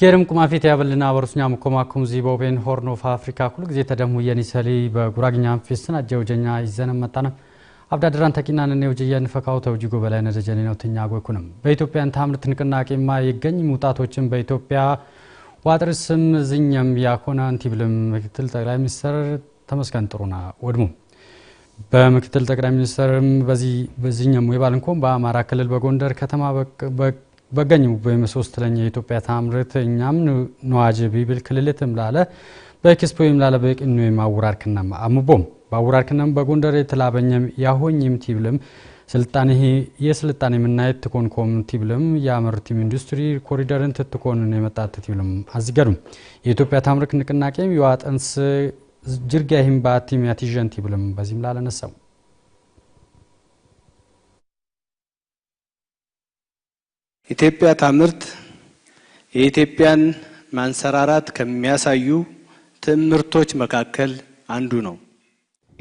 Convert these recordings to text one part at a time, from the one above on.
ኬርም ቁማፊት ያበልና አበሩስኛ መኮማኩም ዚቦቤን ሆርን ኦፍ አፍሪካ ኩሉ ጊዜ ተደሙ የኒሰሊ በጉራግኛ ፌስትን አጀውጀኛ ይዘንም መጣነ አብዳድራን ተቂናን እኔ ውጅየን ፈካው ተውጅጎ በላይ ነደጀኔ ነው ትኛ ጎይኩንም በኢትዮጵያን ታምርት ንቅናቄማ የገኝ መውጣቶችን በኢትዮጵያ ዋጥርስም ዝኛም ያኮና አንቲብልም ምክትል ጠቅላይ ሚኒስትር ተመስገን ጥሩነህ ወድሙ በምክትል ጠቅላይ ሚኒስትርም በዚህ በዚህኛም የባልንኮም በአማራ ክልል በጎንደር ከተማ በገኝ በመሶስት ለኛ የኢትዮጵያ ታምርት እኛም ነዋጅ ቢብል ክልልትም ላለ በኤክስፖ ይም ላለ በቅኑ የማውራር ክናም አምቦም ባውራር ክናም በጎንደር የተላበኘም ያሆኝም ቲብልም ስልጣን ይሄ የስልጣን የምናየት ትኮን ኮምቲብልም የአመርቲም ኢንዱስትሪ ኮሪደርን ትትኮንን የመጣት ትብልም አዝገዱም የኢትዮጵያ ታምርክ ንቅናቄም የዋጠንስ ጅርጋ ይህም በአቲም ያቲጀንቲብልም በዚህም ላለነሰሙ ኢትዮጵያ ታምርት የኢትዮጵያን ማንሰራራት ከሚያሳዩ ትምህርቶች መካከል አንዱ ነው።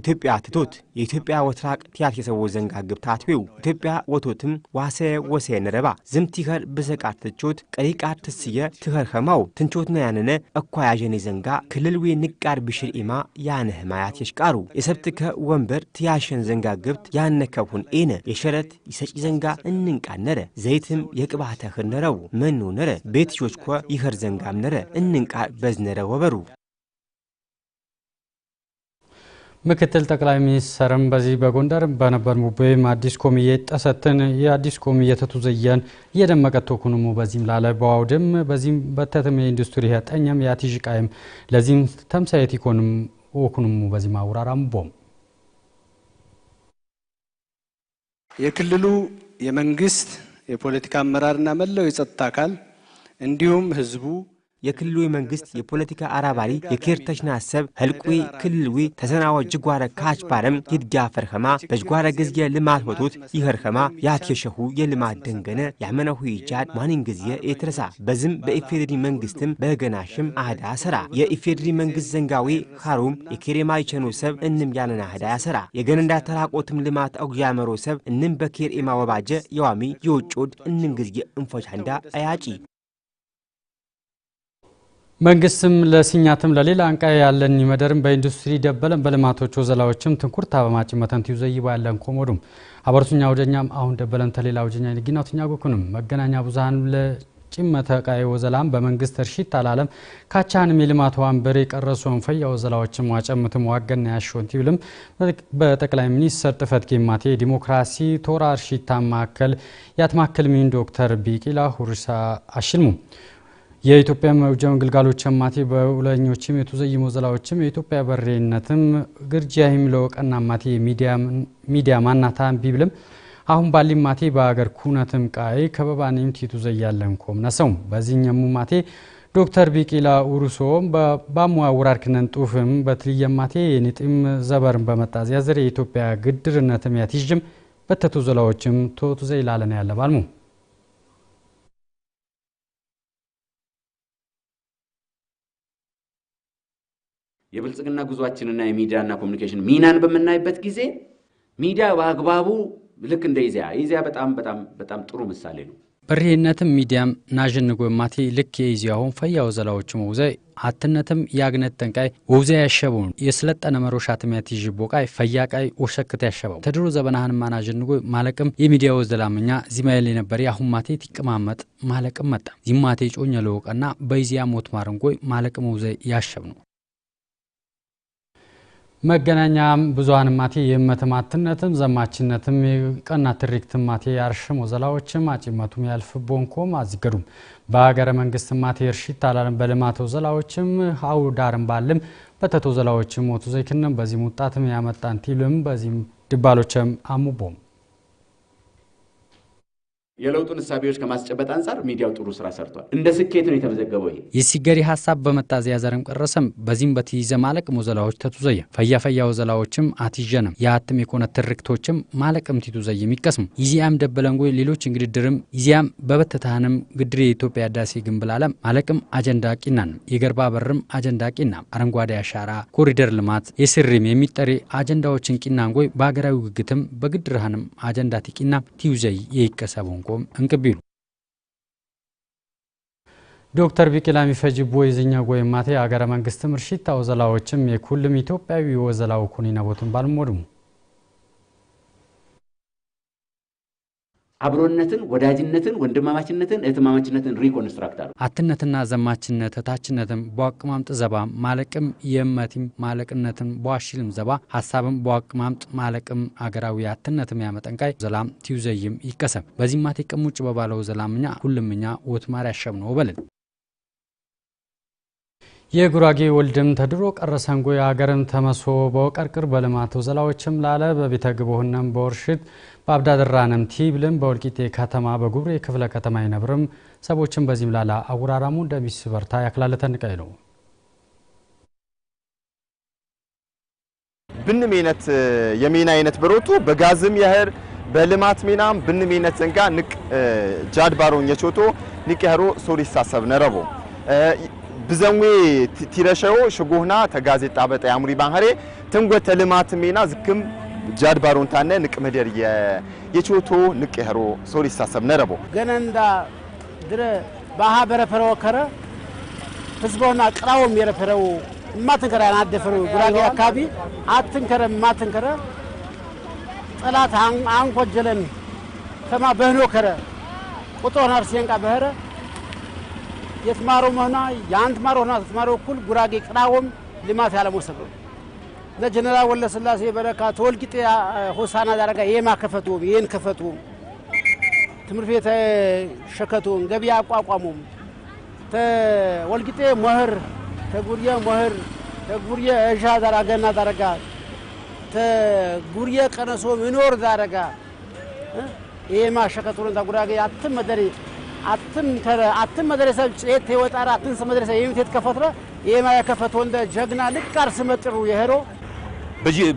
ኢትዮጵያ ትቶት የኢትዮጵያ ወትራቅ ትያት የሰዎ ዘንጋ ግብታ አትዌው ኢትዮጵያ ወቶትም ዋሰ ወሰ ንረባ ዝም ቲኸር ብዘቃር ትቾት ቀሪቃር ትስየ ትኸር ኸማው ትንቾት ነ ያነነ እኳ ያዠኔ ዘንጋ ክልል ዌ ንቃር ብሽር ኢማ ያነ ህማያት የሽቃሩ የሰብትከ ወንበር ትያሸን ዘንጋ ግብት ያነከብሁን ኤነ የሸረት ይሰጪ ዘንጋ እንንቃር ነረ ዘይትም የቅባተ ኽር ነረው መኖ ነረ ቤትሾች ኮ ይኸር ዘንጋም ነረ እንንቃር በዝነረ ወበሩ ምክትል ጠቅላይ ሚኒስትርም በዚህ በጎንደር በነበር ሙቤም አዲስ ኮሚዬ ጠሰትን የአዲስ ኮሚዬ ተቱዘየን የደመቀ ተኩኑሙ በዚህም ላለ በዋውድም በዚህም በተተመ ኢንዱስትሪ ያጠኛም ያቲሽቃይም ለዚህም ተምሳየት ኢኮንም ወኩኑሙ በዚህም አውራራም ቦም የክልሉ የመንግስት የፖለቲካ አመራርና መላው የጸጥታ አካል እንዲሁም ህዝቡ የክልሉ መንግስት የፖለቲካ አራባሪ የኬርተሽና ሰብ ህልቁዊ ክልልዊ ተሰናወ ጅጓረ ካች ባረም ይድጋ ፈርኸማ በጅጓረ ግዝየ ልማት ወቶት ይኸርኸማ ያትየሸሁ የልማት ደንገነ ያመነሁ ይጃድ ማንን ግዝየ ኤትረሳ በዝም በኢፌድሪ መንግስትም በገናሽም አህዳ ሰራ የኢፌድሪ መንግስት ዘንጋዊ ካሩም የኬሬማ ይቸኑ ሰብ እንም ያነና አህዳ ያሰራ የገነንዳ ተራቆትም ልማት አጉያመሮ ሰብ እንም በኬርኤማ ወባጀ የዋሚ የውጭድ እንን ግዝየ እንፎቻንዳ አያጪ መንግስትም ለስኛትም ለሌላ አንቃ ያለን ይመደርም በኢንዱስትሪ ደበለም በልማቶች ወዘላዎችም ትንኩርታ በማጭ መተንት ዩዘይባ ያለን ኮሞዱም አበርቱኛ ወደኛም አሁን ደበለን ተሌላ ወጀኛ ትኛ ጉኩንም መገናኛ ብዙሃን ለጭመተ ቃይ ወዘላም በመንግስት እርሺት አላለም ካቻንም የልማት ዋንበር የቀረሱን ወንፈያ ወዘላዎችም ዋጨምትም ዋገና ያሾን ቲብልም በጠቅላይ ሚኒስትር ጥፈት ጌማቴ ዲሞክራሲ ቶራ እርሺታ ማከል ያትማከል ሚን ዶክተር ቢቂላ ሁርሳ አሽልሙ የኢትዮጵያ መውጃውን ግልጋሎች ማቴ በውለኞችም የቱዘይሞ ዘላዎችም የኢትዮጵያ በሬነትም ግርጂያሂም ለወቀና ማቴ ሚዲያ ማናታ ቢብልም አሁን ባሊም ማቴ በአገር ኩነትም ቃይ ከበባኔም ቲቱ ዘያለን ኮም ሰው በዚህኛሙ ማቴ ዶክተር ቢቂላ ኡሩሶም በባሙዋ ውራርክነን ጡፍም በትልየማቴ የኒጥም ዘበርን በመጣዝ ያዘር የኢትዮጵያ ግድርነትም ያቲዥም በተቱ ዘላዎችም ቶቱ ዘይላለን ያለባልሙ የብልጽግና ጉዟችንና የሚዲያና ኮሚኒኬሽን ሚናን በምናይበት ጊዜ ሚዲያ በአግባቡ ልክ እንደ ኢዜአ ኢዜአ በጣም በጣም በጣም ጥሩ ምሳሌ ነው። በሪህነትም ሚዲያም ናዥን ጎማቴ ልክ የኢዜአሁን ፈያው ወዘላዎች መውዘ አትነትም የአግነት ጠንቃይ ውዘ ያሸበውን የስለጠነ መሮሻ ትሚያት ቦቃይ ፈያቃይ ወሸክት ያሸበው ተድሮ ዘበናህን ማናዥንጎ ማለቅም የሚዲያ ወዘላምኛ ዚማይል የነበር የአሁን ማቴ ትቅማመጥ ማለቅም መጣ ዚማቴ ጮኛ ለወቀና በይዚያ ሞት ማረንጎይ ማለቅም ውዘ ያሸብ ነው መገናኛም ብዙሃን ማቴ የመተማትነትም ዘማችነትም የቀና ትሪክት ማቴ ያርሽም ወዘላዎችም አጭመቱም ያልፍ ቦንኮም አዝገዱም በሀገረ መንግስት ማቴ እርሺት ታላለም በልማት ወዘላዎችም አው ዳርም ባልም በተቶ ዘላዎችም ሞቱ ዘይክንም በዚህ ሙጣትም ያመጣን ቲልም በዚህ ድባሎችም አሙቦም የለውጡን እሳቤዎች ከማስጨበጥ አንጻር ሚዲያው ጥሩ ስራ ሰርቷል። እንደ ስኬት ነው የተመዘገበው። ይሄ የሲገሪ ሀሳብ በመታዘያ ዘረም ቀረሰም በዚህም በትይዘ ማለቅ ሞዘላዎች ተቱዘየ ፈያ ፈያ ወዘላዎችም አትጀንም የአትም የኮነ ትርክቶችም ማለቅም ቲቱዘየ የሚቀስሙ ይዚያም ደበለንጎይ ሌሎች እንግድድርም ይዚያም በበተታህንም ግድር የኢትዮጵያ ህዳሴ ግንብ ላለም ማለቅም አጀንዳ ቂናንም የገርባ በርም አጀንዳ ቂናም አረንጓዴ አሻራ ኮሪደር ልማት የስሪም የሚጠሪ አጀንዳዎችን ቂናንጎይ በሀገራዊ ውግግትም በግድርሃንም አጀንዳ ቲቂና ቲዩዘይ የይቀሰቡን ቋንቋም እንቅብ ይሉ ዶክተር ቢቂላ ሚፈጅቦ የዝኛ ጎይ ማቴ አገረ መንግስትም እርሺታ ወዘላዎችም የኩልም ኢትዮጵያዊ ወዘላው ኩኒ ነቦቱን ባልሞድሙ አብሮነትን፣ ወዳጅነትን፣ ወንድማማችነትን፣ እህትማማችነትን ሪኮንስትራክት አሉ። አትነትና ዘማችነት እታችነትም በዋቅማምጥ ዘባ ማለቅም የእመቲም ማለቅነትን በዋሽልም ዘባ ሀሳብም በዋቅማምጥ ማለቅም አገራዊ አትነትም ያመጠንቃይ ዘላም ቲዩዘይም ይከሰም በዚህ ማቴ ቅሙጭ በባለው ዘላምኛ ሁልምኛ ወትማር ያሸብ ነው በልን የጉራጌ ወልድም ተድሮ ቀረሰንጎ ሰንጎ የሀገርም ተመሶ በወቀርቅር በልማት ወዘላዎችም ላለ በቤተ ግቦህነም በወርሽት በአብዳድራ ነምቲ ብልም በወልቂጤ ከተማ በጉብሬ ክፍለ ከተማ ይነብርም ሰቦችን በዚህም ላላ አውራራሙ እንደሚስ በርታ ያክላለተን ቀይ ነው ብን ይነት የሚና አይነት በሮቱ በጋዝም ያህር በልማት ሚናም ብን ይነት ዘንጋ ንቅ ጃድ ባሮን የቾቶ ንቅ ያህሮ ሶሪ ሳሰብ ነረቦ ብዘንዌ ቲረሸዮ ሽጉህና ተጋዜጣ በጣ ያሙሪ ባህሬ ትንጎተ ልማት ሚና ዝክም ጃድ ባሮንታነ ንቅ ምድር የቾቶ ንቅ የሮ ሰው ሊሳሰብ ነረቦ ገነንዳ ድረ ባሃ በረፈረ ወከረ ህዝቦና ቅራውም የረፈረው እማትንከረ ያናደፈሩ ጉራጌ አካባቢ አትንከረ እማትንከረ ጠላት አንኮጀለን ተማ በህኖ ከረ ቁጦና አርሴንቃ በህረ የትማሮ መሆና የአንድ ማሮ ሆና ተትማሮ እኩል ጉራጌ ቅራውም ልማት ያለመሰብ ለጀነራል ስላሴ በረካ ተወልቂጤ ሆሳና ዳረጋ የማ ከፈቶም ይህን ከፈቶም ትምህርት ቤት ሸከቶም ገበያ አቋቋሙም ተወልቂጤ መህር ተጉርየ መህር ተጉርየ እሻ ዳረገና ዳረጋ ተጉርየ ቀነሶ ምኖር ዳረጋ የማ ሸከቶን ዳጉራገ አትም መደሪ አትም ተረ አትም መድረሰ ጨት የወጣራ አትንስ መድረሰ የምትት ከፈትረ የማ የከፈተው እንደ ጀግና ልቃር ስመጥሩ የሄሮ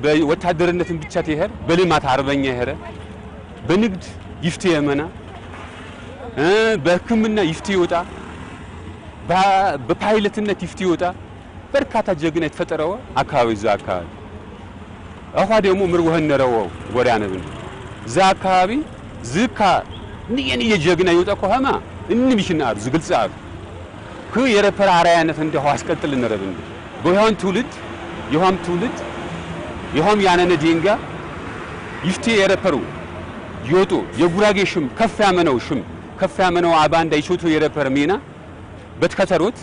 በወታደርነትን ብቻ ተሄር በልማት አርበኛ ይሄረ በንግድ ይፍቴ የመና በሕክምና ይፍቴ ይወጣ በፓይለትነት ይፍቴ ይወጣ በርካታ ጀግና የተፈጠረው አካባቢ እዛ አካባቢ አኋ ደግሞ ምርወህን ነረው ወዳ ወዳነብ እዛ አካባቢ ዝካ ንየን የጀግና ይወጣ ኮሃማ እንምሽና አብ ዝግልጽ አብ ከየረፈራ አራያነት እንደው አስቀጥል ነረብን እንደ በኋን ትውልድ የኋም ትውልድ ይኸውም ያነነ ዲንጋ ይፍቴ የረፐሩ ይወጡ የጉራጌ ሽም ከፍ ያመነው ሽም ከፍ ያመነው አባንዳ ይቾቱ የረፐር ሚና በትከተሮት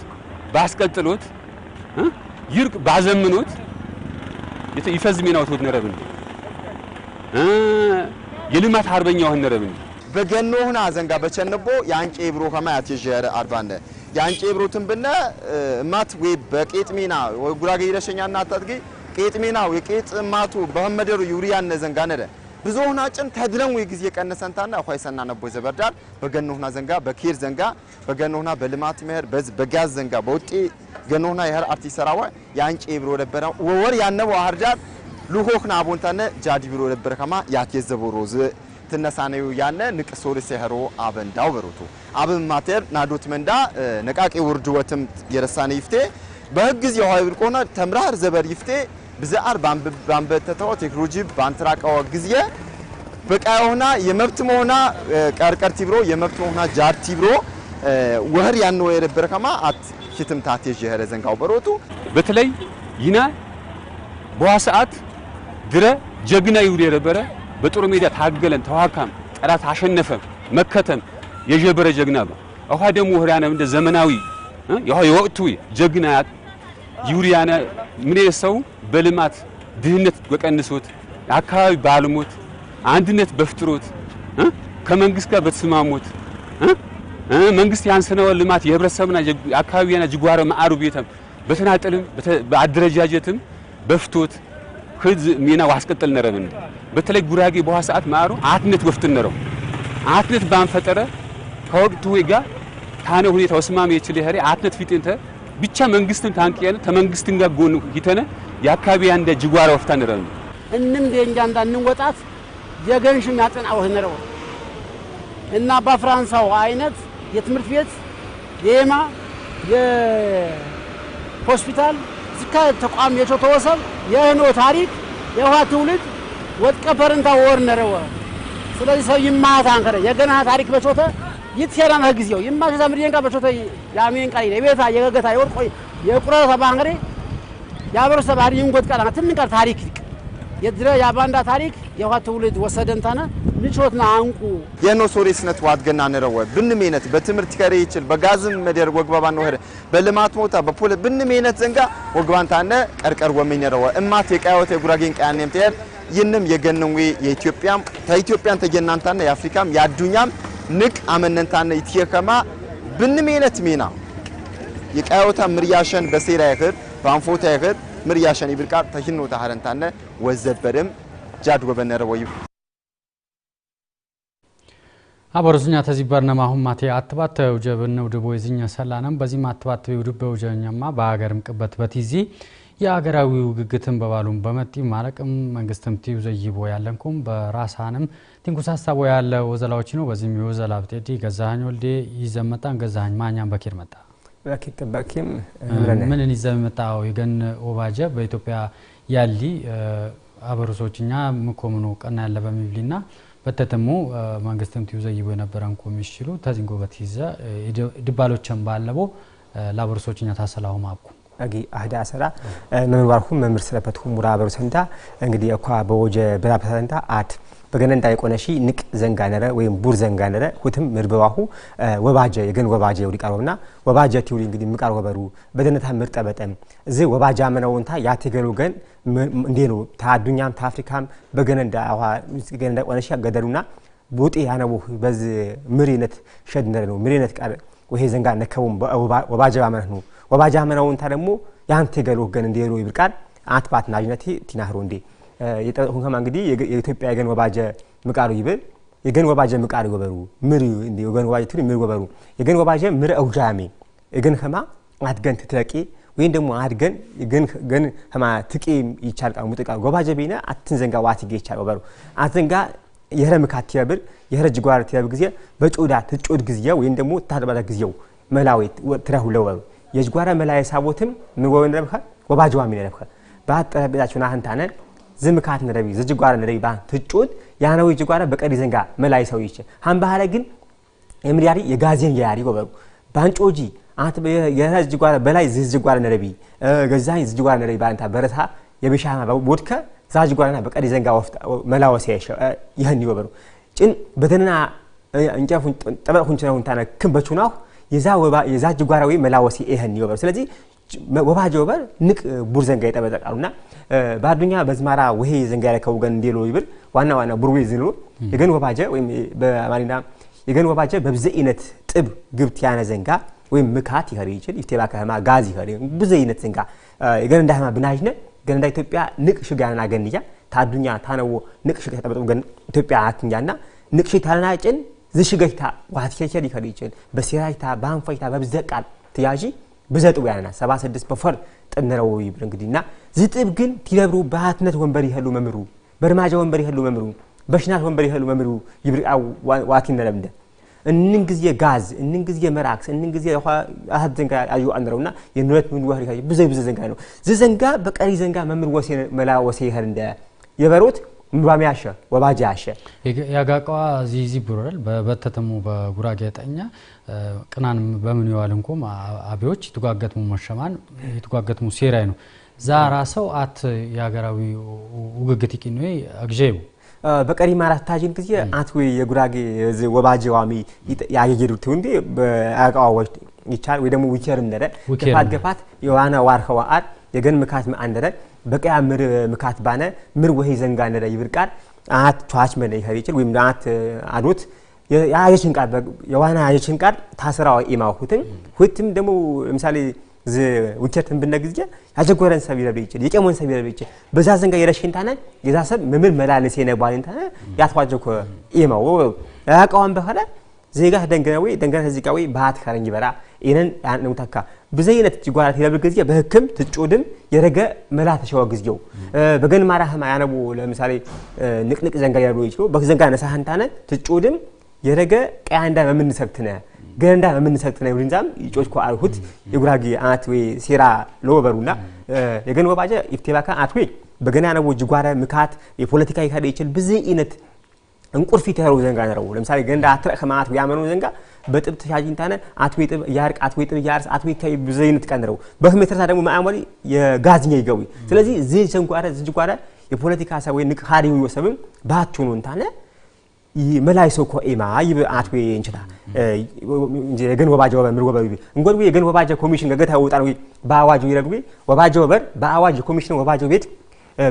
ባስቀጥሎት ይርቅ ባዘምኖት ይፈዝ ሚናው ተውት ነረብን የልማት አርበኛው ነረብን በገኖ ሆና ዘንጋ በቸንቦ ያንቄ ብሮ ከማያት ይጀረ አርባነ ያንቄ ብሮትን ብነ ማት ወይ በቄጥ ሜና ወይ ጉራጌ ይረሸኛና አታጥቂ ቄጥሜናው የቄጥ ማቱ በመደሩ ዩሪያ ነዘንጋ ብዙ ሆና ጭን ተድለን ወይ ጊዜ ቀነሰንታና ሆይ ሰና ነቦ ዘበርዳል በገኖና ዘንጋ በኬር ዘንጋ በገኖና በልማት መህር በዝ በጋዝ ዘንጋ በውጤ ገኖና ይሄር አርቲስት ሰራዋ ያንጪ ብሮ ደበራ ወወር ያነበው አርዳር ሉሆክና አቦንታነ ጃዲ ብሮ ደበረ ከማ ያት የዘቦ ሮዝ ትነሳነዩ ያነ ንቅሶር ሲህሮ አበንዳው በሮቱ አብም ማቴር ናዶት መንዳ ነቃቂ ውርድወትም የረሳነ ይፍቴ በህግ ጊዜ ሆይ ብልቆና ተምራህር ዘበር ይፍቴ ብዘአር ባንበተተወ ቴክኖሎጂ ባንትራቀወ ግዝየ በቃዮና የመብት መሆና ቀርቀርቲ ብሮ የመብት መሆና ጃርቲ ብሮ ወህር ያነ ወየረ በረከማ አት ኪትም ታቴዥ የሄረ ዘንጋው በሮቱ በተለይ ይና በዋ ሰዓት ድረ ጀግና ይውል የነበረ በጦር ሜዳ ታገለን ተዋካም ጠላት አሸነፈም መከተም የጀበረ ጀግና ነው አሁን ደግሞ ወህር ያነ እንደ ዘመናዊ የወቅቱ ጀግና ዩሪያና ምን ሰው በልማት ድህነት በቀንሶት አካባቢ ባልሞት አንድነት በፍጥሮት ከመንግስት ጋር በተስማሞት መንግስት ያንሰነው ልማት የህብረተሰብና አካባቢና ጅጓረ ማአሩ ቤተም በተናጠልም በአደረጃጀትም በፍቶት ህዝ ሚና ዋስቀጠል ነረምን በተለይ ጉራጌ በኋላ ሰዓት ማአሩ አትነት ወፍትን ነረው አትነት ባንፈጠረ ከወቅቱ ጋር ታነ ሁኔታ ወስማም የችል ያህሪ አትነት ፊጥንተ ብቻ መንግስትን ታንቅያነ ተመንግስትን ጋር ጎን ሂተነ የአካባቢ ያንደ ጅጓር ወፍታ ንረን እንም ደንጃንዳ እንወጣት የገንሽ ያጥን አወህነረው እና በፍራንሳው አይነት የትምህርት ቤት የማ የሆስፒታል ዝካ ተቋም የቾ የህኖ ታሪክ የውሃ ትውልድ ወጥቀ ፈረንታ ወርነረው ስለዚህ ሰው ይማታ አንከረ የገና ታሪክ በቾተ ይትሄዳን ጊዜው ይማሽ ዘምድን ቃ በቾቶ ያሜን ቃ የቤታ የገገታ የወርቆ የቁረ ተባንገሬ ያበረሰ ባህሪ ይንጎት ቃል አትን ቃል ታሪክ የድረ ያባንዳ ታሪክ የውሃ ትውልድ ወሰደንታነ ምቾትና አንቁ የኖሶሬስነት ዋትገና ንረወ ብንሜነት በትምህርት ከሬ ይችል በጋዝም መደር ወግባባን ወህረ በልማት ሞታ በፖለ ብንሜነት ዘንጋ ወግባንታነ ቀርቀር ወሚነረወ እማት የቃዮት የጉራጌን ቃያኔም ተያል ይንም የገነንዌ የኢትዮጵያም ተኢትዮጵያን ተጀናንታና የአፍሪካም የአዱኛም ንቅ አመነንታነ ይትየከማ ብንሜነት ሜና የቃዮታ ምርያሸን በሴራ ይኽር ባንፎታ ይኽር ምርያሸን ይብልቃ ተሽኖ ሀረንታነ ወዘበርም ጃድ ወበነረ ወይ ተዚህ በርነማ አሁን ማቴ አትባት ውጀብን ውድቦ የዝኛ ሰላነም በዚህ ማትባት ውድብ በውጀኛማ በሀገርም ቅበት በቲዚ የሀገራዊ ውግግትን በባሉም በመጢ ማለቅም መንግስትም ቲዩ ዘይቦ ያለንኩም በራሳንም ቲንኩስ ሀሳቡ ያለው ወዘላዎች ነው በዚህም የወዘላ ብጤዲ ገዛኸኝ ወልዴ መጣን ገዛኸኝ ማኛም በኪር መጣ ምንን ተባኪም ምንን የገን ይገን ወባጀ በኢትዮጵያ ያሊ አበሩሶችኛ ምኮምኑ ቀና ያለ ና በተተሙ መንግስትም ትዩዘይቦ የነበረን ተዚን ጎበት ይዘ ድባሎችን ባለቦ ላበሩሶችኛ ታሰላሁ ማብኩ አጊ አህዳ ሰራ መምባርኩም መምር ስለበት ሁሙራ አበሩ ሰንታ እንግዲህ እኳ በወጀ ብራ ሰንታ አድ በገነንዳ የቆነሺ ንቅ ዘንጋነረ ወይም ቡር ዘንጋነረ ሁትም ምድብባሁ ወባጀ የገን ወባጀ የውዲ ቀርበና ወባጀ ቲውሪ እንግዲህ ምቃር ወበሩ በደነታ ምርጠ በጠም እዚ ወባጃ መነውንታ ያቴገሉ ገን እንዴ ነው ታዱኛም ታፍሪካም በገነንዳ አዋ ገነንዳ ቆነሺ ያገደሉና ቦጤ ያነቦ በዚ ምሪነት ሸድነረ ነው ምሪነት ቃል ወሄ ዘንጋ ነከቡም ወባጀ ባመነህ ነው ወባጃ መነውንታ ደግሞ ያንቴገሉ ገን እንዴ ነው ይብቃል አትባት ናጅነቲ ቲናህሮ እንዴ የጠቁንከማ እንግዲህ የኢትዮጵያ የገን ወባጀ ምቃሩ ይብል የገን ወባጀ ምቃሩ ጎበሩ ምር የገን ወባጀ ትሪ ምር ጎበሩ የገን ወባጀ ምር አውጃሜ የገን ከማ አድገን ትትለቂ ወይም ደግሞ አድገን ገን ከማ ትቂ ይቻል ቃ ሙጥቃ ጎባጀ ቤነ አትንዘንጋ ዋትጌ ይቻል ጎበሩ አትንጋ የህረ ምካት ትያብር የህረ ጅጓር ትያብር ጊዜ በጮዳ ትጮድ ጊዜው ወይም ደግሞ ታርባዳ ጊዜው መላዊ ትረሁ ለወሩ የጅጓራ መላዊ ሳቦትም ምን ወወን ረብካ ወባጀዋ ሚነ ረብካ ባጠረቤታችሁን አህንታነን ዝምካት ንረቢ ዝጅጓረ ንረቢ ባ ትጩት ያነዊ ጅጓረ በቀዲ ዘንጋ መላይ ሰው ይች ሃን ባህለ ግን የምድያሪ የጋዜን ያሪ ጎበሩ ባንጮጂ አንተ የራ ዝጅጓረ በላይ ዝጅጓረ ንረቢ ገዛይ ዝጅጓረ ንረቢ ባንታ በረታ የብሻማ ዛ ጅጓረና በቀዲ ዘንጋ ወፍታ መላወስ ያይሽ ይህን ይወበሩ ጭን በተና እንጨፉን ጠበቁን ቸነውን ታነ ክንበቹናው የዛ የዛ ጅጓራዊ መላወሲ ይህን ይወበሩ ስለዚህ ወባ በር ንቅ ቡር ዘንጋ ይጠበጠቃሉ ና በአዱኛ በዝማራ ውሄ ዘንጋ ያረከቡ ገን እንዴሎ ይብል ዋና ዋና ቡር ዌ ዝንሎ የገን ወባጀ ወይም በአማሪና የገን ወባጀ በብዘ ይነት ጥብ ግብት ያነ ዘንጋ ወይም ምካት ይኸሪ ይችል ይፍቴባ ከህማ ጋዝ ይኸሪ ይነት ዘንጋ የገን እንዳ ህማ ብናጅነ ገን እንዳ ኢትዮጵያ ንቅ ሽግ ያነና ገን ገንያ ታዱኛ ታነዎ ንቅ ሽግ ተጠበጠ ገን ኢትዮጵያ አትንጃ ና ንቅ ሽግ ታለናጭን ዝሽገይታ ዋትቸቸል ይኸሪ ይችል በሴራይታ በብዘ ቃል ትያዥ ብዘጥው ያለና 76 በፈር ጥንረው ይብር እንግዲህና ዝጥብ ግን ቲነብሩ ባህትነት ወንበር ይሄሉ መምሩ በርማጃ ወንበር ይሄሉ መምሩ በሽናት ወንበር ይሄሉ መምሩ ይብር ዋቲ ነለምደ እንን ጊዜ ጋዝ እንን ጊዜ መራክስ እንን ጊዜ አህት ዘንጋ አዩ አንረውና የኑረት ምን ወህሪ ብዘይ ብዙ ዘንጋ ነው ዝዘንጋ በቀሪ ዘንጋ መምር ወሴ መላ ወሴ ይሄል እንደ የበሮት እንዷም ያሸ ወባጅ ያሸ ያጋቋ ዚዚ ቡረል በበተተሙ በጉራጌ ጠኛ ቅናን በምን ይዋል ይዋልንኩም አቢዎች ይትጓገትሙ መሸማን ይትጓገትሙ ሴራይ ነው ዛራ ሰው አት የሀገራዊ ውግግት ይቅኝ ይቂኑ አግዤው በቀሪ ማራታጅን ታጅን አት ወይ የጉራጌ ወባጅ ዋሚ ያገጌዱት እንዴ በአቃዋዎች ይቻል ወይ ደግሞ ዊኬርም ነረ ገፋት ገፋት የዋና ዋርከዋ አት የገን ምካት አንደረን በቀያ ምር ምካት ባነ ምር ወይ ዘንጋ ነዳ ይብር ቃል አት ቻች መነ ይኸሪ ይችል ወይም አት አዶት ያየሽን ቃል የዋና ያየሽን ቃል ታስራው ኢማው ሁትን ሁትም ደግሞ ለምሳሌ ዝ ውቸትን ብነግዝጀ ያጀጎረን ሰብ ይረብ ይችል የቀሞን ሰብ ይረብ ይችል በዛ ዘንጋ የረሽን ታነ የዛ ሰብ ምምር መላለስ የነባልን ታነ ያትዋጀኮ ኢማው ያቃውን በኋላ ዜጋ ደንገናዊ ደንገና ህዚቃዊ ባህት ከረንጅ በራ ኢነን ያንሙታካ ብዘይነት ጅጓራት ይለብል ጊዜ በህክም ትጩድም የረገ መላ ተሸዋ ጊዜው በገን ማራህማ ያነቡ ለምሳሌ ንቅንቅ ዘንጋ ያሉ ይችሉ በዘንጋ ነሳህንታነ ትጩድም የረገ ቀያንዳ መምንሰብትነ ገንዳ መምንሰብትነ ይብልንዛም ይጮችኮ አልሁት የጉራጌ አት ወይ ሴራ ለወበሩና የገን ወባጀ ኢፍቴባካ አት ወይ በገና ያነቡ ጅጓራ ምካት የፖለቲካ ይካደ ይችል ብዘይነት እንቁርፊት ያረው ዘንጋ ነረው ለምሳሌ ገንዳ አትረክ ማት ያመኑ ዘንጋ በጥብ ተሻጅንታነ አትዌጥብ ያርቅ አትዌጥብ ያርስ አትዌት ከይ ብዘይነት ቀንረው በህመት ተርሳ ደግሞ ማአሞሪ የጋዝኛ ይገቡ ስለዚህ ዚ ሸንቋረ ዝጅ የፖለቲካ ሰው ወይ ንቅ ሀሪ ወሰብም ባቹ ነው እንታነ መላይ ሰው ኮ ኤማ ይብ አትዌ እንችላ የገን ወባጀ ወበር ምር ወበር እንጎድ የገን ወባጀ ኮሚሽን ገገታ ወጣ ነው በአዋጅ ይረግቢ ወባጀ ወበር በአዋጅ ኮሚሽን ወባጀ ቤት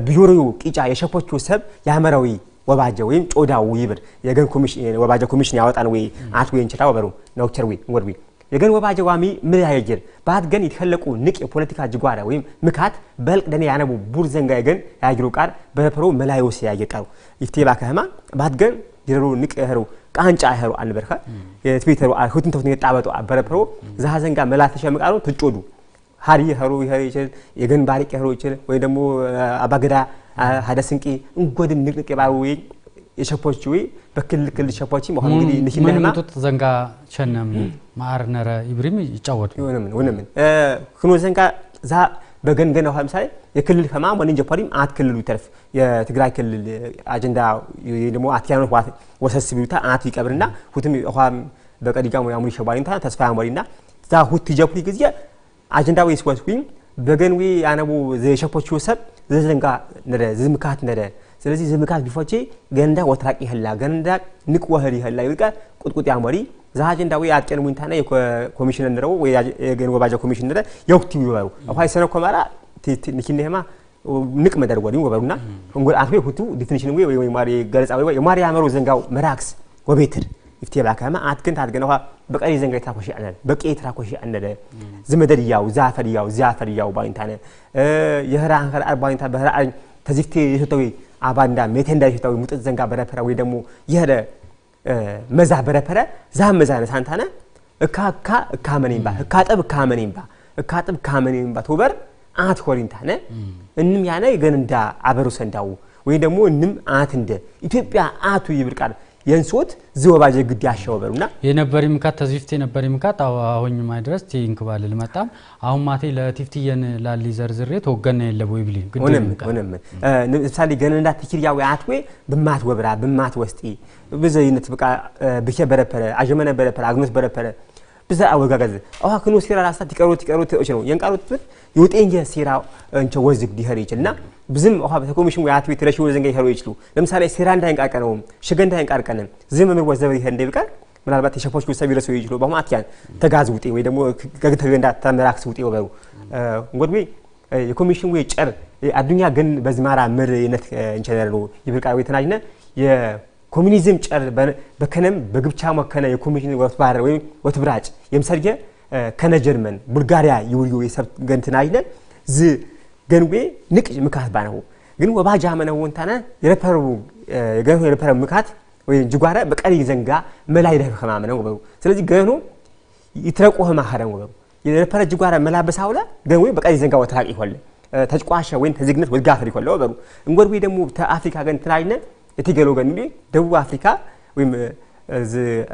ቢዮሮ ቂጫ የሸፖቹ ሰብ ያመራዊ ወባጀ ወይም ጮዳው ይብር የገን ኮሚሽን ወባጀ ኮሚሽን ያወጣን ወይ አት ወይ እንችታ ወበሩ ነውቸር ወይ ወርዊ የገን ወባጀ ዋሚ ምን ያየጀር ባት ገን የተለቁ ንቅ የፖለቲካ ጅጓራ ወይም ምካት በልቅ ደኔ ያነቡ ቡር ዘንጋ የገን ያጅሩ ቃር በፕሮ መላዮስ ያየቃው ይፍቴባ ከህማ ባት ገን የሩ ንቅ የሩ ቃንጫ ያሩ አንበርካ የትዊተሩ ሁትን ተፍት የጣበጡ በረፕሮ ዘንጋ መላተሻ ምቃሩ ትጮዱ ሀሪ ሀሩ ይሄ ይችል የገን ባሪቅ ሀሩ ይችል ወይ ደግሞ አባገዳ ሓደ ስንቂ እንጎድም ንቅንቅ ባዊ የሸፖች ዊ በክል ክል ሸፖች ሞ እንግዲህ ዘንጋ ቸነም ማር ነረ ይብሪም ይጫወቱ ወነምን ወነምን ዘንጋ ዛ በገንገና ውሃ ምሳሌ የክልል ከማ ሞኒን ጀፖሪም አት ክልሉ ይተርፍ የትግራይ ክልል አጀንዳ ደግሞ አትያኖ ዋት ወሰስ ቢሉታ አት ይቀብርና ሁትም ውሃ በቀዲጋ ሙያሙሪ ሸባሪንታ ተስፋ ያሞሪና ዛ ሁት ጀፖሪ ጊዜ አጀንዳ ወይስ ወስኩኝ በገንዊ ያነቡ ዘሸፖችዎ ሰብ ዘዘንጋ ነደ ዝምካት ነደ ስለዚህ ዝምካት ቢፈቼ ገንዳ ወትራቂ ይህላ ገንዳ ንቅ ወህር ይህላ ይልቀ ቁጥቁጥ ያመሪ ዝሃጀንዳ ወይ አጥቀን ሙንታና የኮሚሽን ንረው ወይ ገን ወባጃ ኮሚሽን ንረ የውክቲ ይበሩ አፋይ ሰነ ኮማራ ንኪነማ ንቅ መደርጎ ዲ ወበሩና እንጎል ኣትቤ ሁቱ ዲፊኒሽን ወይ ወይ ማሪ ገለጻ ወይ ማሪ ያመሩ ዘንጋው መራክስ ወቤትር iftiba kama atkin ta adgana baqani zangre ta koshi anan baqi ta koshi anade zimedel yaw zafar yaw zafar yaw bainta ne yehran kar arbain ta bahra an ተዚፍቴ የሸተዊ አባንዳ ሜቴ እንዳ የሸተዊ ሙጥት ዘንጋ በረፈረ ወይ ደግሞ ይሄደ መዛ በረፈረ ዛ መዛ ነ ሳንታነ እካ እካ እካ መኔምባ እካ ጠብ እካ መኔምባ እካ ጠብ እካ መኔምባ ቶበር አት ኮሪንታነ እንም ያነ ገን እንዳ አበሩ ሰንዳው ወይ ደግሞ እንም አት እንደ ኢትዮጵያ አቱ ይብርቃል የንሶት ዝወባጀ ግድ ያሸወበሩና የነበሪ ምካት ተዝፍቴ ነበር ምካት አሁን ማድረስ ቲንክባል ባል ልመጣም አሁን ማቴ ለቲፍቲየን ላሊ ዘርዝሬ ተወገነ የለቦ ይብል ግድ ሆነም ሆነም ለምሳሌ ገነንዳ ትክሪያው አትዌ ብማት ወብራ ብማት ወስጢ ብዘይነት በቃ ብቸ በረፐረ አጀመነ በረፐረ አግኖስ በረፐረ ብዛ አወጋጋዝ አዋ ክኖ ሲራ ራሳ ቲቀሮት ቲቀሮት ነው የንቃሮት የወጤንጀ ሴራ እንቸ ወዝግ ዲኸር ይችልና ብዝም ውሃ በተኮሚሽን ወያት ቤት ረሽ ወዘንገ ይሄሩ ይችሉ ለምሳሌ ሴራ እንዳይንቃቀነውም ሽገ እንዳይንቃርቀንም ዝም ምር ወዘብ ይሄ እንደብቀር ምናልባት የሸፎች ጉሰብ ይረሱ ይችሉ በማት ያን ተጋዝ ውጤ ወይ ደግሞ ከግተ ገንዳ ተመራክስ ውጤ ወበሩ እንጎድቤ የኮሚሽን ወይ ጨር አዱኛ ግን በዝማራ ምር የነት እንቸነር ነው ይብርቃ ወይ ተናጅነ የኮሚኒዝም ጨር በከነም በግብቻ መከነ የኮሚሽን ወትባረ ወይ ወትብራጭ የምሰርጌ ከነጀርመን ቡልጋሪያ ይውርዮ የሰብት ገንትና አይለን ዝ ገንዌ ንቅጭ ምካት ባነው ግን ወባጃ መነው ወንታና የረፐሩ ገኑ የረፐሩ ምካት ወይ ጅጓረ በቀሪ ዘንጋ መላይ ደህ ከማመነው ወበው ስለዚህ ገኑ ይትረቆ ማሐረን ወበው የረፈረ ጅጓረ መላበሳውለ ገንዌ በቀሪ ዘንጋ ወታቂ ይሆለ ተጭቋሸ ወይ ተዝግነት ወልጋፈር ይሆለ ወበሩ እንጎርዌ ደግሞ ተአፍሪካ ገንትና አይለን የትገሎ ገንዴ ደቡብ አፍሪካ ወይም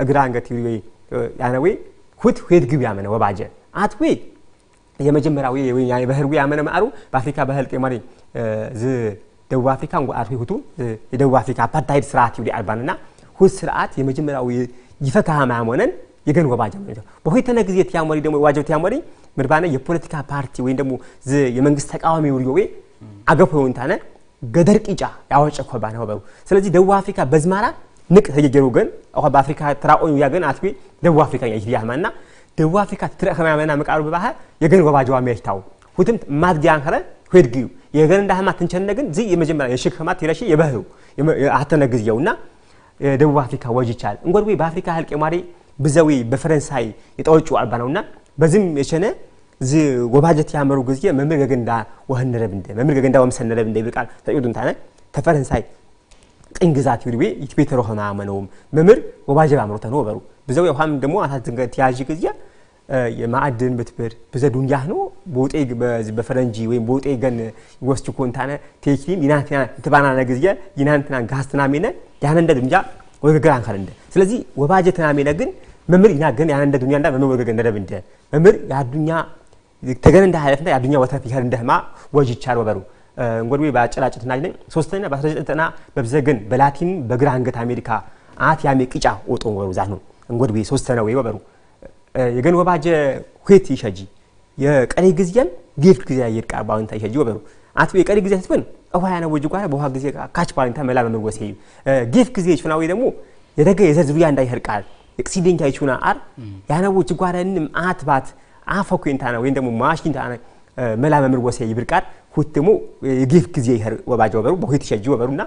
እግራ አንገት ያነዌ ሁት ሄድ ግብ ያመነ ወባጀ አትዌ የመጀመሪያው የወያኔ ባህር ያመነ ማሩ በአፍሪካ ባህል ቀማሪ ዝ ደቡብ አፍሪካ እንኳ አርፊ ሁቱ የደቡብ አፍሪካ አፓርታይድ ስርዓት ይውዲ አርባንና ሁት ስርዓት የመጀመሪያው ይፈካ ማሞነን የገን ወባጀ ነው በሆይ ተነ ጊዜ ያሞሪ ደግሞ ወባጀው ያሞሪ ምርባነ የፖለቲካ ፓርቲ ወይ ደሞ ዝ የመንግስት ተቃዋሚ ውሪዮዌ አገፈውን ታነ ገደር ቂጫ ያወጨ ኮባ ነው በሩ ስለዚህ ደቡብ አፍሪካ በዝማራ ንቅ ተጀጀሩ ገን አሁ በአፍሪካ ትራቆን ያገን አትቢ ደቡብ አፍሪካ ይጅል ያህማና ደቡብ አፍሪካ ትረ ከማመና መቃሩ በባህ የገን ወባጅዋ ሚያሽታው ሁትም ማትጊያን ከረ ሄድጊ የገን እንዳህማ ትንቸነግን ዚ የመጀመሪያ የሽክ ህማት ይረሽ የበህው አተነግዚያውና ደቡብ አፍሪካ ወጅ ይቻል እንጎድዌ በአፍሪካ ህልቅ የማሪ ብዘዊ በፈረንሳይ የጠወጩ አርባ ነውና በዝም የቸነ ዚ ወባጀት ያመሩ ጊዜ መምር ገገንዳ ወህነረብንደ መምር ገገንዳ ወምሰነረብንደ ይብቃል ተዩዱንታነ ተፈረንሳይ ቅኝ ግዛት ይርቤ ይትቤተሮ ኸማመነውም መምህር ወባጀብ አምሮተ ነው በሩ ብዘው የውሃም ደግሞ አታት ዝንገ ተያዥ ግዚያ የማዕድን ብትብር ብዘ ዱንያህ ነው ቦጤ በፈረንጂ ወይም ቦጤ ገን ወስች ኮንታነ ቴክኒም ይናንትና ትባናነ ግዚያ ይናንትና ጋስትና ሜነ ያነንደ ዱንያ ወገገር እንደ ስለዚህ ወባጀ ተናሜነ ግን መምህር ይናገን ያነንደ ዱንያ እንዳ መምህር ወገገ እንደደብ እንደ መምህር ያዱኛ ተገን እንደ ሀለፍና ያዱኛ ወተፍ ይኸር እንደህማ ወጅቻር ወበሩ እንጎድዊ በአጨላጭት ናጅ ነኝ ሶስተኛ በ1990 በብዘግን በላቲን በግራ አንገት አሜሪካ አት ያሜ ቅጫ ወጦ ወሩ ዛኑ ነው እንጎድዊ ሶስተኛ ወይ ወበሩ የገን ወባጀ ሁት ይሸጂ የቀሪ ግዚያን ጌፍት ግዚያ ይርቃ ባውንታ ይሸጂ ወበሩ አት የቀሪ ግዚያ ስትሆን እውሃ ያነ ወጅ ጓራ በውሃ ጊዜ ካች ባንታ መላ ነው ወሰይ ጊፍት ጊዜ ይችሁና ወይ ደግሞ የደገ የዘዝብያ እንዳይርቃል ኤክሲደንት አይቹና አር ያነ ወጅ ጓረንም አት ባት አፈኩንታ ነው ወይ ደግሞ ማሽንታ መላ መምር ወሴ ይብርቃል ሁትሙ የጌፍ ጊዜ ይሄር ወባጅ ወበሩ በሁት ሸጅ ወበሩና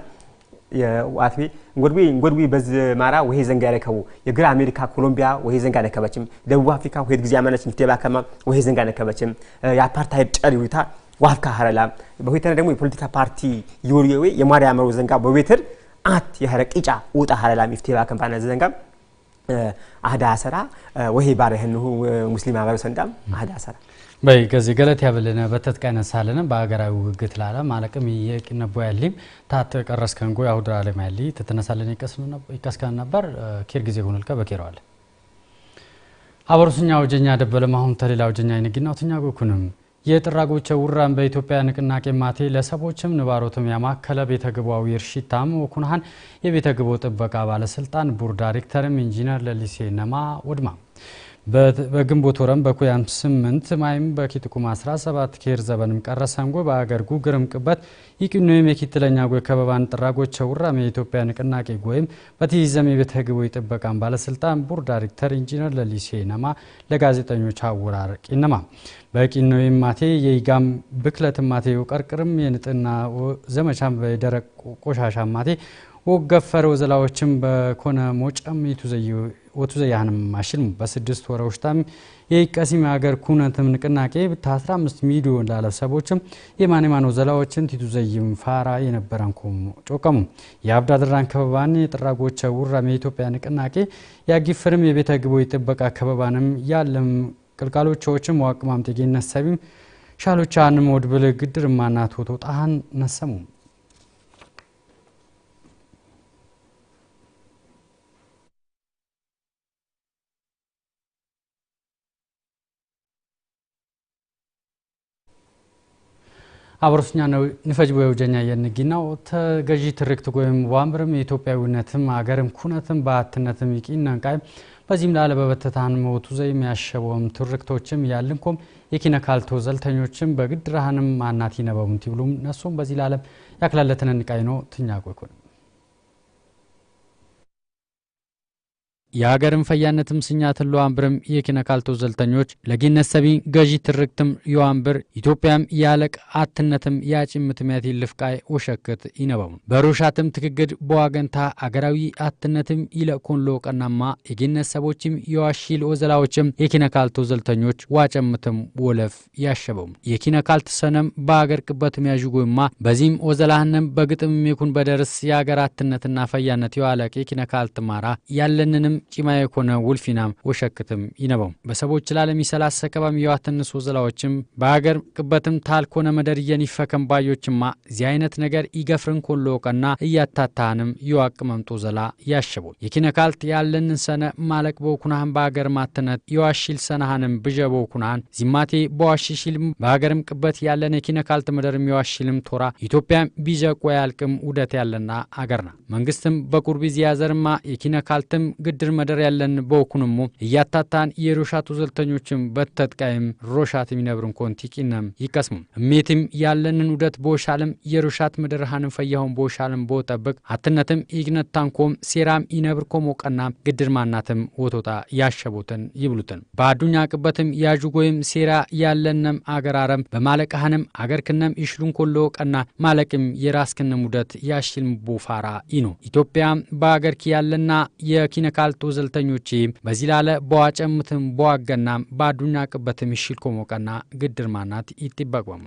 የዋትቤ እንጎድቤ እንጎድቤ በዝ ማራ ወይ ዘንጋ ያረከቡ የግራ አሜሪካ ኮሎምቢያ ወይ ዘንጋ ነከበችም ደቡብ አፍሪካ ሁት ጊዜ አመነች ምትባ ከማ ወይ ዘንጋ ነከበችም የአፓርታይድ ጨር ይውታ ዋፍካ ሀረላ በሁተነ ደግሞ የፖለቲካ ፓርቲ ዩሪዌ የማሪያ መሮ ዘንጋ በቤትር አት የሀረ ቂጫ ውጣ ሀረላ ምትባ ከማና ዘንጋ አህዳ ሰራ ወይ ባሪያህን ሙስሊም ማህበረሰብ እንዳም አህዳ ሰራ በይ ገዚ ገለት ያብልን በተትቀነ ሳለን በአገራዊ ውግት ላለ ማለቅም የቅነቦ ያሊም ታት ቀረስከንጎ ያሁድ ዓለም ያሊ ተተነሳለን ይቀስከን ነበር ኬር ጊዜ ሆነልከ በኬረዋል አበሩስኛ ወጀኛ ደበለ ማሁን ተሌላ ወጀኛ ይንግናው ተኛ ጎኩንም የጥራጎቸ ውራን በኢትዮጵያ ንቅናቄ ማቴ ለሰቦችም ንባሮትም ያማከለ ቤተ ግቧዊ እርሺታም የቤተግቦ የቤተ ግቦ ጥበቃ ባለስልጣን ቡር ዳይሬክተርም ኢንጂነር ለሊሴ ነማ ውድማ በግንቦት ወረም በኩያም ስምንት ማይም በኪትኩም 17 ኬር ዘበንም ቀረሰንጎ በአገርጉ ግርም ቅበት ይቅኖይም የኪትለኛ ጎይ ከበባን ጥራጎች ውራም የኢትዮጵያ ንቅናቄ ጎይም በትይዘም የቤት ህግቦ ጥበቃን ባለስልጣን ቡር ዳይሬክተር ኢንጂነር ለሊሴ ነማ ለጋዜጠኞች አወራር ቂነማ በቂኖይም ማቴ የይጋም ብክለትም ማቴ ውቀርቅርም የንጥና ዘመቻም በደረቅ ቆሻሻ ማቴ ወገፈረው ዘላዎችም በኮነ ሞጨም ይቱዘዩ ወቱ ዘያህንም ማሽን በስድስት ወረውሽታም የቀሲም ሀገር ኩነትም ንቅናቄ ተ15 ሚሊዮን ሰቦችም የማኔ ማኖ ዘላዎችን ቲቱ ዘይም ፋራ የነበረንኩም ጮቀሙ የአብዳ ከበባን የጥራጎቸ ውራም የኢትዮጵያ ንቅናቄ ያጊፍርም የቤተ ግቦ ጥበቃ ከበባንም ያለም ቅልቃሎቻዎችም ዋቅማም ጤጌነት ሰቢም ሻሎቻንም ወድብል ግድር ማናት ወቶ ጣሃን ነሰሙም አብሮስኛ ነው ንፈጅ ወይ ወውጀኛ የንጊናው ተገዢ ትርክት ጎይም ዋምብርም የኢትዮጵያዊነትም አገርም ኩነትም በአትነትም ይቂና ቃይ በዚህም ላለ በበተታን መውቱ ዘይም ያሸበውም ትርክቶችም ያልንኩም የኪነ ካልቶ ዘልተኞችም በግድ ረሃንም ማናት ይነበሙት ቲብሉም ነሱም በዚህ ላለም ያክላለተን ንቃይ ነው ትኛ ቆይኩን የሀገርን ፈያነትም ስኛትን ለዋንብርም የኪነካልቶ ዘልተኞች ለጊነት ሰቢ ገዢ ትርክትም የዋንብር ኢትዮጵያም ያለቅ አትነትም ያጭም ምትምያት ይልፍቃይ ውሸክት ይነበሙ በሩሻትም ትክግድ በዋገንታ አገራዊ አትነትም ይለኮን ለውቀናማ የጊነት ሰቦችም የዋሺል ወዘላዎችም የኪነካልቶ ዘልተኞች ዋጨምትም ወለፍ ያሸበሙ የኪነካልት ሰነም በአገር ቅበት ሚያዥ ያዥጎማ በዚህም ወዘላህንም በግጥም የኩን በደርስ የአገር አትነትና ፈያነት የዋለቅ የኪነካልት ማራ ያለንንም ቂማዬ ኮነ ውልፊናም ወሸክትም ይነበው በሰቦች ላለም ይሰላስ ሰቀባም የዋትንስ ወዘላዎችም በአገር ቅበትም ታልኮነ መደርየን ይፈከም ባዮችማ እዚ አይነት ነገር ይገፍርን ኮሎ ቀና እያታታንም ይዋቅ መምጦ ዘላ ያሸቦል የኪነ ካልት ያለንን ሰነ ማለቅ በኩናህን በአገር ማትነት የዋሽል ሰናሃንም ብዠበው ኩናህን ዚማቴ በዋሽሽልም በአገርም ቅበት ያለን የኪነ መደርም የዋሽልም ቶራ ኢትዮጵያም ቢዘቆ ያልቅም ውደት ያለና አገርና መንግስትም በቁርቢ ዚያዘርማ የኪነ ካልትም ግድር መደር ያለን በወኩንሞ እያታታን የሮሻት ውዘልተኞችም በተጥቃይም ሮሻት የሚነብርን ኮንቲ ቂነም ይቀስሙ እሜትም ያለንን ውደት በሻልም የሮሻት ምድርሃንም ፈያሁን በሻልም ቦጠብቅ አትነትም ኢግነት ታንኮም ሴራም ይነብር ኮሞ ቀናም ግድር ማናትም ወቶጣ ያሸቦትን ይብሉትን በአዱኛ ቅበትም ያዥጎይም ሴራ ያለንም አገራረም በማለቃህንም አገር ክነም ይሽሉን ኮሎ ቀና ማለቅም የራስ ክነም ውደት ያሽልም ቦፋራ ይኖ ኢትዮጵያ በአገር ኪ ያለና የኪነካል ቃልቶ ዘልተኞች በዚህ ላለ በዋጨምትም በዋገና በአዱኛ ቅበትም ይሽል ኮሞቀና ግድር ማናት ይጥበቋም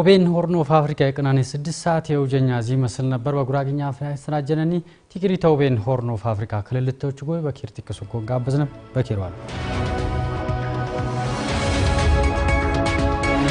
ኦቤን ሆርን ኦፍ አፍሪካ የቅናኔ ስድስት ሰዓት የውጀኛ እዚህ መስል ነበር በጉራግኛ አፍሪካ ያስተናጀነኒ ቲግሪተ ኦቤን ሆርን ኦፍ አፍሪካ ክልልቶች ጎይ በኬር ቲክሱን ኮን ጋበዝነም በኬሯል